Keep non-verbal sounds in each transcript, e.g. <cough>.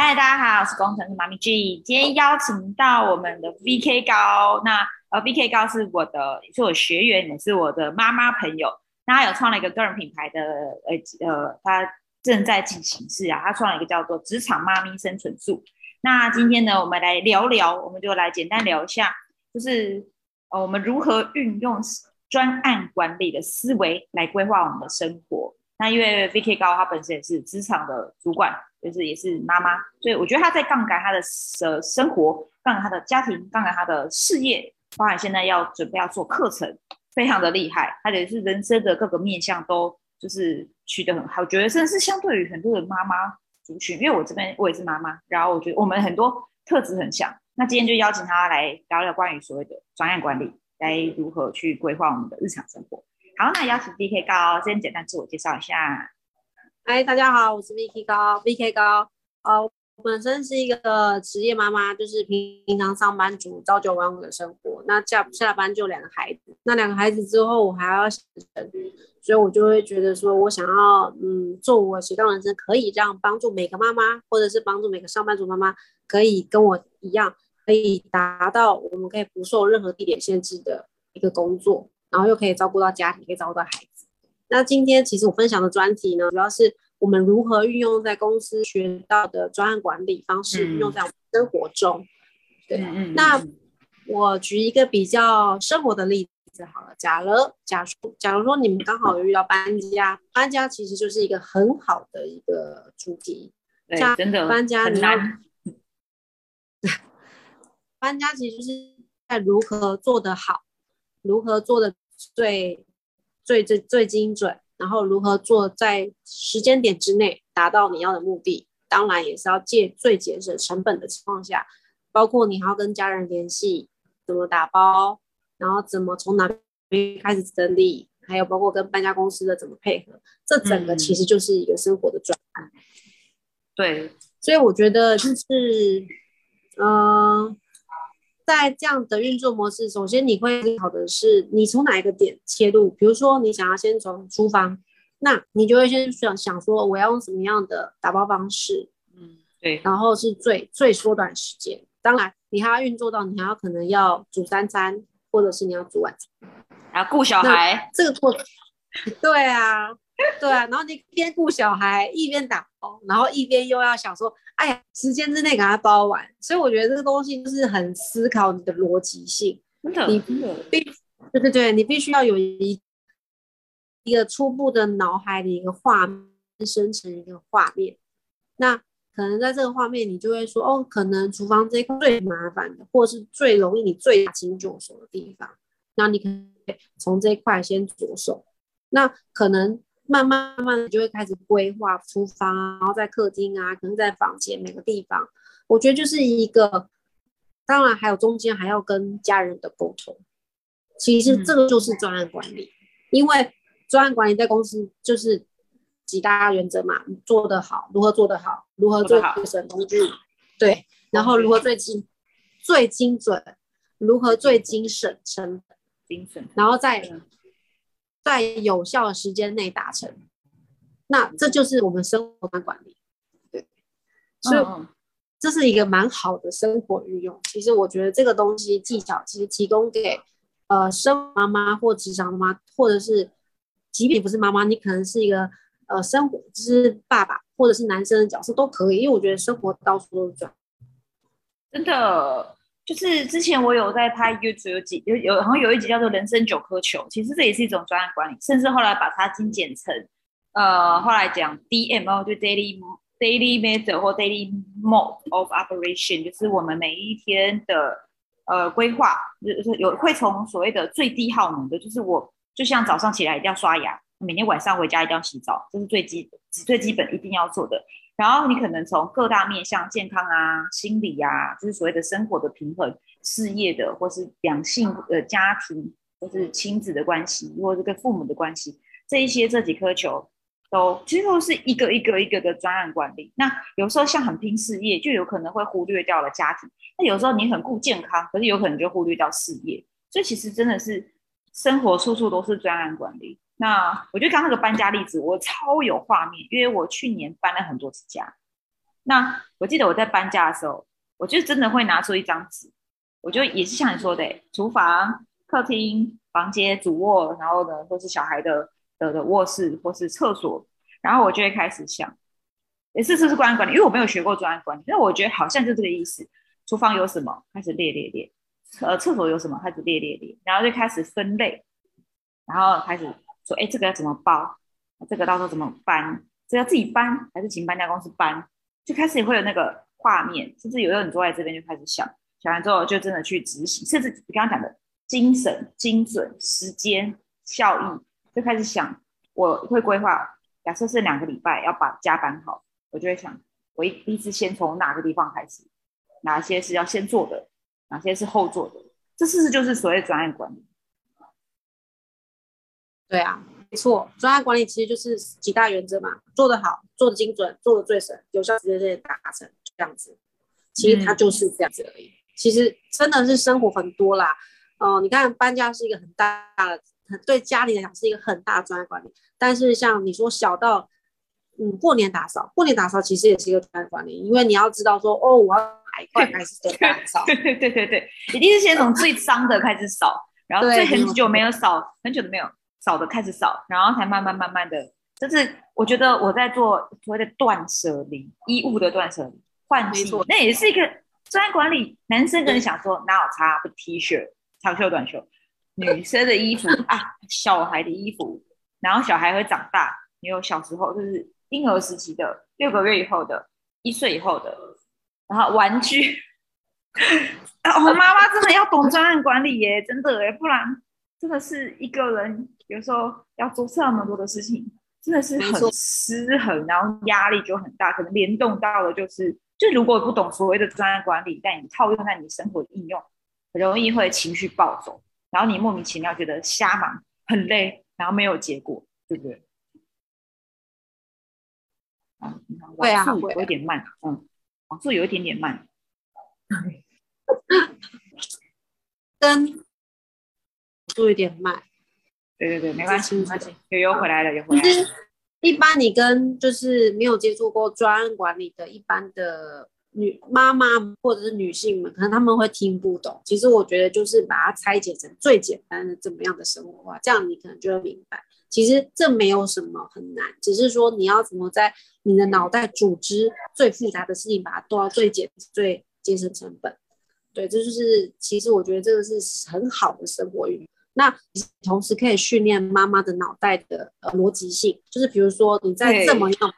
嗨，大家好，我是工程師媽咪 G，今天邀請到我們的 VK 高，那呃 VK 高是我的，是我學員，也是我的媽媽朋友，那他有創了一個個人品牌的，呃呃，他正在進行式啊，他創了一個叫做職場媽咪生存術。那今天呢，我們來聊聊，我們就來簡單聊一下，就是呃，我們如何運用專案管理的思維來規劃我們的生活。那因為 VK 高他本身也是職場的主管。就是也是媽媽，所以我覺得她在槓桿她的生活，槓桿她的家庭，槓桿她的事業，包含現在要準備要做課程，非常的厲害。她也是人生的各個面向都就是取得很好，我覺得甚至是相對於很多的媽媽族群，因為我這邊我也是媽媽，然後我覺得我們很多特質很像。那今天就邀請她來聊聊關於所謂的專案管理該如何去規劃我們的日常生活。好，那邀請 VK 高，先簡單自我介紹一下。嗨，大家好，我是 Vicky 高 VK 高，哦，uh, 我本身是一個職業媽媽，就是平平常上班族，朝九晚五的生活。那下下班就兩個孩子，那兩個孩子之後我還要，所以我就會覺得說，我想要嗯，做我的斜槓人生，可以讓幫助每個媽媽，或者是幫助每個上班族媽媽，可以跟我一樣，可以達到我們可以不受任何地點限制的一個工作，然後又可以照顧到家庭，可以照顧到孩子。那今天其實我分享的專題呢，主要是我們如何運用在公司學到的專案管理方式，運、嗯、用在我們生活中。對、嗯，那我舉一個比較生活的例子好了。假如，假如，假如說你們剛好遇到搬家，搬家其實就是一個很好的一個主題。對，真的搬家很難，搬家其實是在如何做得好，如何做得對。最最最精準，然後如何做在時間點之內達到你要的目的，當然也是要借最節省成本的情況下，包括你還要跟家人聯繫，怎麼打包，然後怎麼從哪邊開始整理，還有包括跟搬家公司的怎麼配合，這整個其實就是一個生活的專案，嗯。對，所以我覺得就是，嗯、呃。在這樣的運作模式，首先你會思考的是你從哪一個點切入。比如說，你想要先從廚房，那你就會先想想說我要用什麼樣的打包方式，嗯，對。然後是最最縮短時間。當然，你還要運作到你還要可能要煮三餐，或者是你要煮晚餐，然後顧小孩。這個過程。 <laughs> 對啊，對啊。然後你一邊顧小孩，一邊打包，然後一邊又要想說。哎呀，時間之內給它包完，所以我覺得這個東西就是很思考你的邏輯性，真的，你必須，對對對，你必須要有一一個初步的腦海裡一個畫面生成一個畫面，那可能在這個畫面你就會說哦，可能廚房這一塊最麻煩的，或是最容易你最緊就手的地方，那你可以從這一塊先着手，那可能。慢慢慢的就會開始規劃廚房，然後在客廳啊，可能在房間每個地方，我覺得就是一個。當然還有中間還要跟家人的溝通。其實這個就是專案管理，嗯、因為專案管理在公司就是幾大原則嘛，做得好，如何做得好，如何做最節省工具，對，然後如何最精、嗯、最精準，如何最精省成本，精省，精省然後再。嗯在有效的時間內達成，那這就是我們生活的管理，對，所以這是一個蠻好的生活運用。其實我覺得這個東西技巧其實提供給呃生媽媽或職場媽媽，或者是即便你不是媽媽，你可能是一個呃生活就是爸爸或者是男生的角色都可以，因為我覺得生活到處都是專案，真的。就是之前我有在拍 YouTube 有幾有有好像有一集叫做《人生九顆球》，其實這也是一種專案管理，甚至後來把它精簡成，呃，後來講 DMO 就 Daily Daily Method 或 Daily Mode of Operation，就是我們每一天的呃規劃，就是有會從所謂的最低耗能的，就是我就像早上起來一定要刷牙，每天晚上回家一定要洗澡，這，就是最基最基本一定要做的。然後你可能從各大面向健康啊、心理啊，就是所謂的生活的平衡、事業的，或是兩性、呃家庭，或是親子的關係，或者是跟父母的關係，這一些這幾顆球，都幾乎都是一個一個一個的專案管理。那有時候像很拼事業，就有可能會忽略掉了家庭；那有時候你很顧健康，可是有可能就忽略掉事業。所以其實真的是生活處處都是專案管理。那我覺得剛，剛那個搬家例子，我超有畫面，因為我去年搬了很多次家。那我記得我在搬家的時候，我就真的會拿出一張紙，我就也是像你說的，廚房、客廳、房間、主臥，然後呢，或是小孩的的的，的臥室，或是廁所，然後我就會開始想，也是這是專案管理，因為我沒有學過專案管理，但我覺得好像就這個意思。廚房有什麼，開始列列列，呃，廁所有什麼，開始列列列，然後就開始分類，然後開始。說，哎、欸，這個要怎麼包？這個到時候怎麼搬？是、這、要、個、自己搬還是請搬家公司搬？就開始也會有那個畫面，甚至有的人坐在這邊就開始想，想完之後就真的去執行，甚至你剛剛講的精神、精準、時間、效益，就開始想，我會規劃，假設是兩個禮拜要把家搬好，我就會想，我第一定是先從哪個地方開始，哪些是要先做的，哪些是後做的，這事實就是所謂的專案管理。對啊，沒錯，專案管理其實就是幾大原則嘛，做得好，做得精準，做得最省，有效時間點達成這樣子，其實它就是這樣子而已。嗯、其實真的是生活很多啦，哦、呃，你看搬家是一個很大的，很對家裡來講是一個很大的專案管理。但是像你說小到，嗯，過年打掃，過年打掃其實也是一個專案管理，因為你要知道說，哦，我要哪一塊開始開始掃？對 <laughs> 對對對對，一定是先從最髒的開始掃， <laughs> 然後最很久沒有掃，很久都沒有。少的開始少，然後才慢慢慢慢的，就是我覺得我在做所謂的斷捨離，衣物的斷捨離，換衣服，那也是一個專案管理。男生可能想說哪有擦的 T 恤，長袖、短袖；女生的衣服啊，小孩的衣服，然後小孩會長大，也有小時候就是嬰兒時期的六個月以後的，一歲以後的，然後玩具。我媽媽真的要懂專案管理耶，真的耶，不然。真的是一個人有時候要做這麼多的事情，真的是很失衡，然後壓力就很大。可能聯動到了，就是就如果不懂所謂的專案管理，但你套用在你生活的應用，很容易會情緒暴走，然後你莫名其妙覺得瞎忙很累，然後沒有結果，對不對？啊，網速有一點慢，啊、嗯，網速、啊、有一點點慢， <laughs> 做一點賣，對對對，沒關係，沒關係。又又回來了，又回來了。其實，一般你跟就是沒有接觸過專案管理的，一般的女媽媽或者是女性們，可能他們會聽不懂。其實，我覺得就是把它拆解成最簡單的怎麼樣的生活化，這樣你可能就會明白。其實這沒有什麼很難，只是說你要怎麼在你的腦袋組織最複雜的事情，把它做到最簡、最節省成本。對，這就是其實我覺得這個是很好的生活運。那同時可以訓練媽媽的腦袋的呃、邏輯性，就是比如說你在這麼樣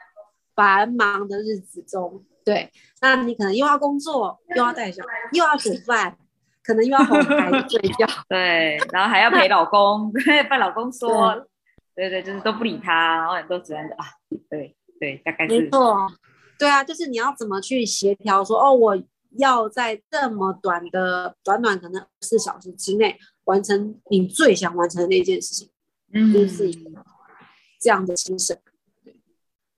繁忙的日子中對，對，那你可能又要工作，又要帶小孩，又要煮飯， <laughs> 可能又要哄孩子睡覺，對，然後還要陪老公，對，被老公說對，對對，就是都不理他，然後也都只能啊，對對，大概是沒錯，對啊，就是你要怎麼去協調說哦我。要在這麼短的短短可能四小時之內完成你最想完成的那一件事情，嗯，就是以這樣的精神，對，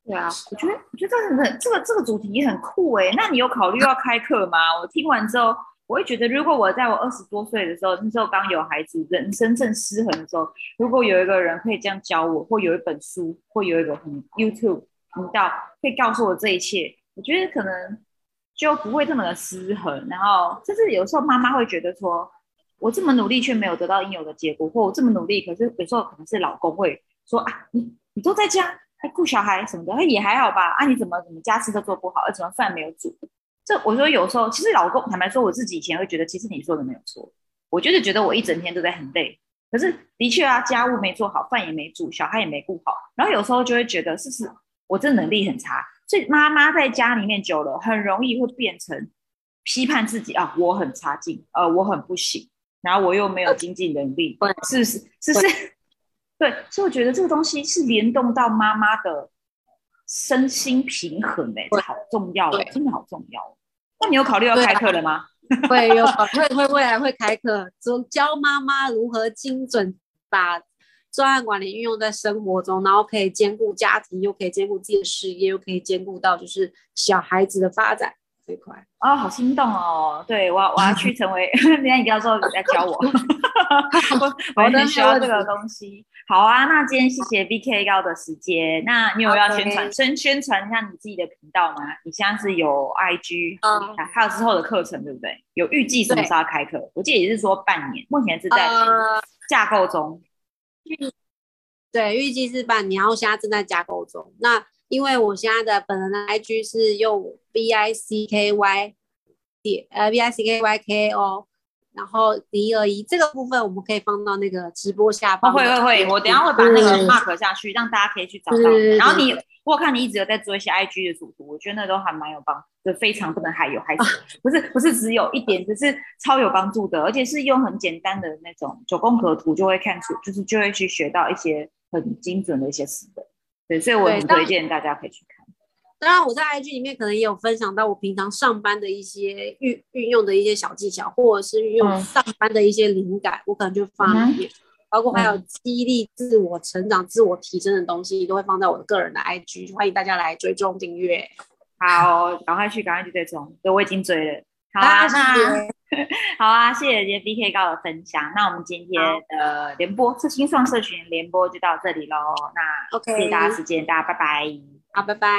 對啊，我覺得我覺得這個很這個這個主題也很酷欸。那你有考慮要開課嗎？我聽完之後，我會覺得，如果我在我二十多歲的時候，那時候剛有孩子，人生正失衡的時候，如果有一個人可以這樣教我，或有一本書，或有一個很 YouTube 頻道，可以告訴我這一切，我覺得可能。就不會這麼的失衡，然後就是有時候媽媽會覺得說，我這麼努力卻沒有得到應有的結果，或我這麼努力，可是有時候可能是老公會說啊，你你都在家還顧小孩什麼的，也還好吧？啊，你怎麼怎麼家事都做不好，而且飯沒有煮。這我說有時候，其實老公坦白說，我自己以前會覺得，其實你說的沒有錯，我就是覺得我一整天都在很累，可是的確啊，家務沒做好，飯也沒煮，小孩也沒顧好，然後有時候就會覺得，是不是我這能力很差？所以媽媽在家裡面久了，很容易會變成批判自己啊，我很差勁，呃，我很不行，然後我又沒有經濟能力，是不是？只是，對，只是對，所以我覺得這個東西是聯動到媽媽的身心平衡，這好重要，哎，真的好重要。那你有考慮要開課了嗎？會、啊、有會會未來會開課，就 <laughs> 教媽媽如何精準打。專案管理運用在生活中，然後可以兼顧家庭，又可以兼顧自己的事業，又可以兼顧到就是小孩子的發展這塊。哦，好心動哦！對我，我要去成為，明 <laughs> 天你要時你在教我。 <laughs> 好 <laughs> 我我很需要這個東西。好啊，那今天謝謝 V K 高的時間。那你有，有要宣傳宣宣傳一下你自己的頻道嗎？你現在是有 I G、嗯、還有之後的課程對不對？有預計什麼時候開課？我記得也是說半年，目前是在架構中。呃預對，預計是辦，然後現在正在架構中。那因為我現在的本人的 IG 是用 b i c k y 點呃 b i c k y k o，然後零二一這個部分我們可以放到那個直播下方。哦、會會會，我等一下會把那個 mark 下去，讓大家可以去找到。然後你。我看你一直有在做一些 IG 的主圖，我覺得那都還蠻有幫助，就非常不能還有、嗯、還是不是不是只有一點，只是超有幫助的，而且是用很簡單的那種九宮格圖就會看出，就是就會去學到一些很精準的一些思維。對，所以我很推薦大家可以去看。當然，我在 IG 裡面可能也有分享到我平常上班的一些運運用的一些小技巧，或者是運用上班的一些靈感，嗯、我可能就發包括還有激勵自我成長、嗯、自我提升的東西，都會放在我的個人的 IG，歡迎大家來追蹤訂閱。好，趕快去，趕快去追蹤。對，我已經追了。好啊，那、啊、好啊，謝謝今天 VK 高的分享。那我們今天的聯播是新創社群聯播，就到這裡嘍。那 OK，謝謝大家時間，okay. 大家拜拜。好，拜拜。